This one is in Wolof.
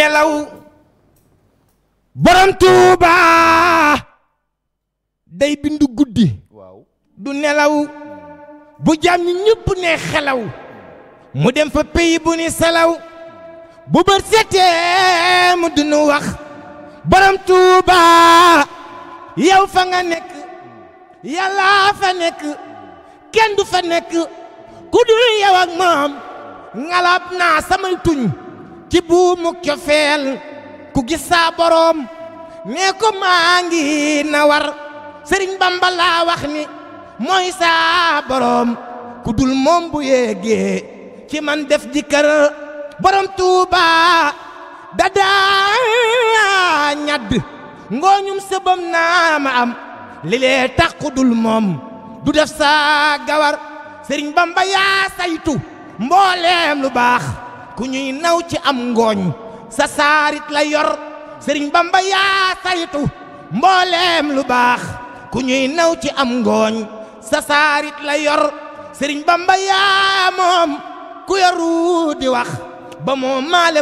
nelaw borom tuuba day bindu guddi waaw du nelaw bu jàmm ñi ñëpp ne xelaw mu dem fa pays bu ni salaw bu bët setee mu dunu wax borom tuuba yow fa nga nekk yàllaa fa nekk kenn du fa nekk ku dul yow ak moom naa samay ci buumu cofeel ku gis saa nee ko maa ngi nawar sëriñ Bamba laa wax ni mooy saa boroom ku dul moom bu yéegee ci man def di kër borom Tuuba dadaa ñadd ngooñum sëbam naa am li tax ku dul moom du def saa gawar sëriñ Bamba yaa saytu mbooleem lu baax ku ñuy naw ci am ngooñ sa saarit la yor sëriñ bamba yaa saytu mbooleem lu baax ku ñuy naw ci am ngooñ sa la yor sëriñ bamba yaa moom ku yoru di wax ba moom maale